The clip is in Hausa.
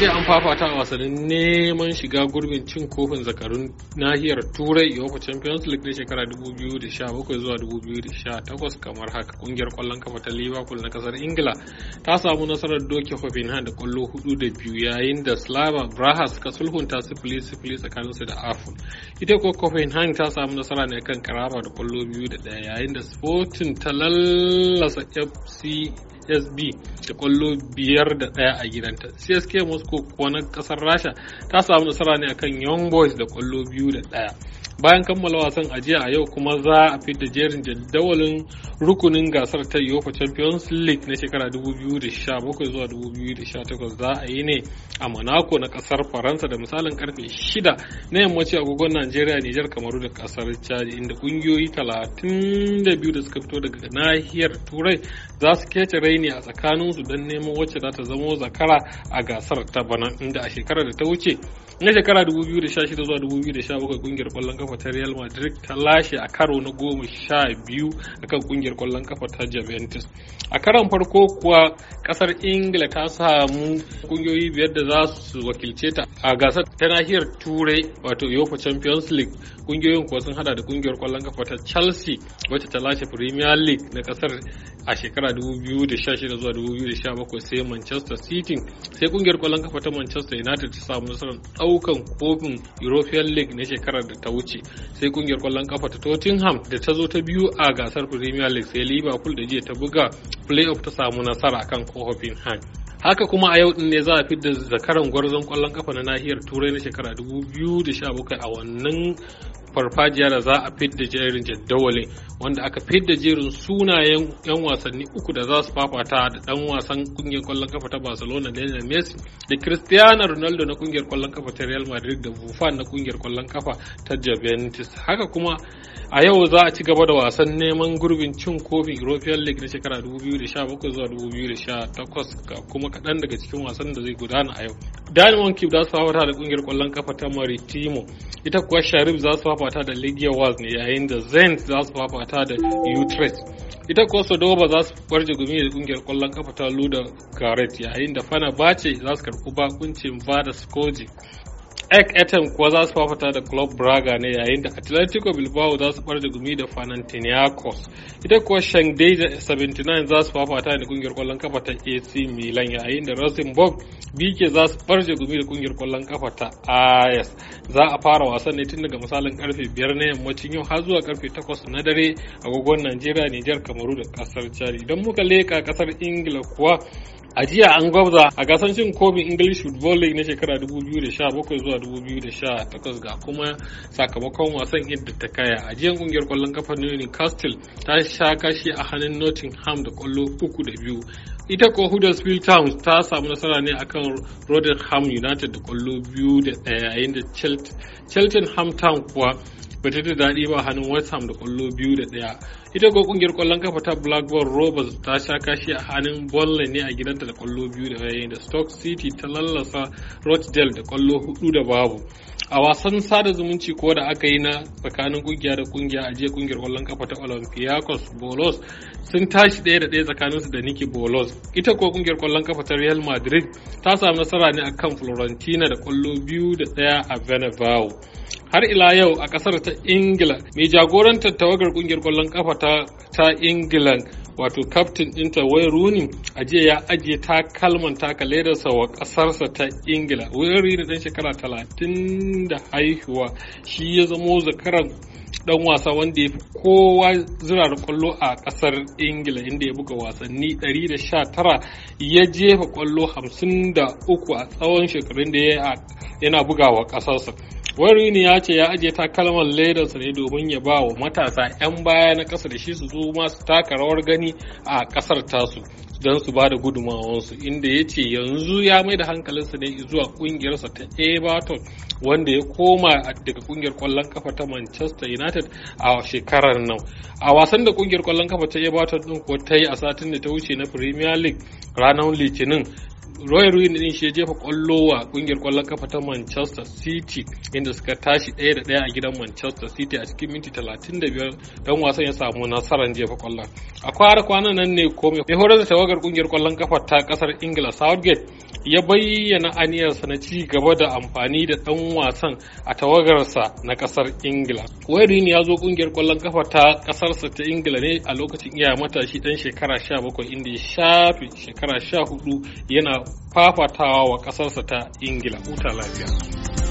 jiya an fafata a wasannin neman shiga gurbin cin kofin zakarun nahiyar turai yofa champions league na shekara 2017 zuwa 2018 kamar haka kungiyar kwallon kafa ta liverpool na kasar ingila ta samu nasarar doke hoffenheim da kwallo hudu da biyu yayin da slava braha suka sulhunta sifili sifili tsakanin su da afon ita ko hoffenheim ta samu nasara ne kan karaba da kwallo biyu da daya yayin da sporting ta lallasa fc psb da kwallo biyar da ɗaya a gidanta csk moscow kuwa na ƙasar rasha ta samu nasara ne akan young boys da kwallo biyu da ɗaya bayan kammala wasan ajiya a yau kuma za a fidda jerin jadawalin rukunin gasar ta UEFA Champions League na shekara 2017 zuwa 2018 za a yi ne a Monaco na kasar Faransa da misalin karfe 6 na yammaci agogon Najeriya Nijar Kamaru da kasar Chad inda kungiyoyi 32 da suka fito daga nahiyar Turai za su kece raini a tsakanin su don neman wacce za ta zamo zakara a gasar ta bana inda a shekarar da ta wuce na shekara 2016 zuwa 2017 kungiyar kwallon kafa kafa Real Madrid ta lashe a karo na goma sha biyu akan kungiyar kwallon kafa ta Juventus. A karon farko kuwa kasar Ingila ta samu kungiyoyi biyar da za su wakilce ta a gasar ta nahiyar Turai wato UEFA Champions League. Kungiyoyin kuwa sun hada da kungiyar kwallon kafa ta Chelsea wacce ta lashe Premier League na kasar a shekara 2016 zuwa 2017 sai Manchester City sai kungiyar kwallon kafa ta Manchester United ta samu nasarar daukan kofin European League na shekarar da ta wuce sai kungiyar kwallon kafa ta Tottenham da ta zo ta biyu a gasar Premier League sai Liverpool da jiya ta buga playoff ta samu nasara akan Hand haka kuma a yau din ne za a da zakaran gwarzon kwallon kafa na nahiyar turai na shekara 2017 a wannan farfajiya da za a fidda jerin jaddawalin wanda aka fidda jerin sunayen yan wasanni uku da za su fafata da dan wasan kungiyar kwallon kafa ta Barcelona Lionel Messi da Cristiano Ronaldo na kungiyar kwallon kafa ta Real Madrid da Buffon na kungiyar kwallon kafa ta Juventus haka kuma a yau za a ci gaba da wasan neman gurbin cin kofin european league na shekara 2017 zuwa 2018 ga kuma kaɗan daga cikin wasan da zai gudana a yau diamond cube za su fafata da kungiyar kwallon kafa ta maritimo ita kuwa sharif za su fafata da legia wals ne yayin da zenit za su fafata da utrecht ita kuwa sodoba za su warje gumi da kungiyar kwallon kafa ta luda garet yayin da fana bace za su karɓi bakuncin vada skoji ek etem kuwa za su fafata da club braga ne yayin da atletico bilbao za su da gumi da panathinaikos ita kuwa shangdai 79 za su fafata da kungiyar kwallon kafa ta ac milan yayin da rosenborg bike za su da gumi da kungiyar kwallon kafa ta ayas za a fara wasan ne tun daga misalin karfe 5 na yammacin yau har zuwa karfe 8 na dare agogon najeriya nijar kamaru da kasar chad idan muka leka kasar ingila kuwa a jiya an gwabza a gasar cin kofin english football league na shekara 2017 zuwa 2018 ga kuma sakamakon wasan yadda ta kaya a jiyan kungiyar kwallon kafa Newcastle ta sha kashi a hannun Nottingham da kwallo uku da biyu ita ko Huddersfield Town ta samu nasara ne akan Rotherham United da kwallo biyu da yayin da Cheltenham Town kuwa ba ta da daɗi ba hannun west ham da kwallo biyu da ɗaya ita ko ƙungiyar ƙwallon kafa ta blackburn rovers ta sha kashi a hannun bolle ne a gidanta da kwallo biyu da ɗaya da stoke city ta lallasa rochdale da kwallo hudu da babu a wasan sada zumunci ko da aka yi na tsakanin ƙungiya da ƙungiya a jiya ƙungiyar ƙwallon kafa ta olympiacos bolos sun tashi ɗaya da ɗaya tsakaninsu da Niki Bolos. Ita ko kungiyar kwallon kafa ta Real Madrid ta samu nasara ne akan Florentina da kwallo biyu da ɗaya a Veneval. har ila yau a kasar ta ingila mai jagorantar tawagar kungiyar kwallon kafa ta ingila wato kaftin ɗinta Wayne Rooney a jiya ya ajiye takalman taka ledarsa wa ƙasarsa ta ingila Wayne Rooney ɗan shekara talatin da haihuwa shi ya zamo zakaran dan wasa wanda ya fi kowa zirar kwallo a kasar ingila inda ya buga wasanni 119 ya jefa kwallo 53 a tsawon shekarun da ya yana bugawa kasarsa Warini ya ce ya ajiye takalmar sa ne domin ya ba wa matasa 'yan baya na ƙasa da shi su zo masu taka rawar gani a ƙasar tasu don su ba da gudunmawansu inda ya ce yanzu ya mai da hankalinsa ne zuwa kungiyarsa ta everton wanda ya koma daga kungiyar kwallon kafa ta manchester united a shekarar nan a wasan da kungiyar kwallon kafa ta everton din kuwa ta yi a satin da ta wuce na premier league ranar litinin royal Ruin din shi ya jefa kwallo wa kungiyar kwallon kafa ta Manchester City inda suka tashi ɗaya da ɗaya a gidan Manchester City a cikin minti 35 dan wasan ya samu nasarar jefa kwallon. A kwara kwanan nan ne ko mai horar da tawagar kungiyar kwallon kafa ta kasar Ingila Southgate ya bayyana aniyarsa na ci gaba da amfani da ɗan wasan a tawagarsa na ƙasar ingila wayarin ya zo ƙungiyar ƙwallon kafa ta ƙasarsa ta ingila ne a lokacin iya matashi ɗan shekara 17 inda ya shafe shekara 14 yana fafatawa wa ƙasarsa ta ingila huta lafiya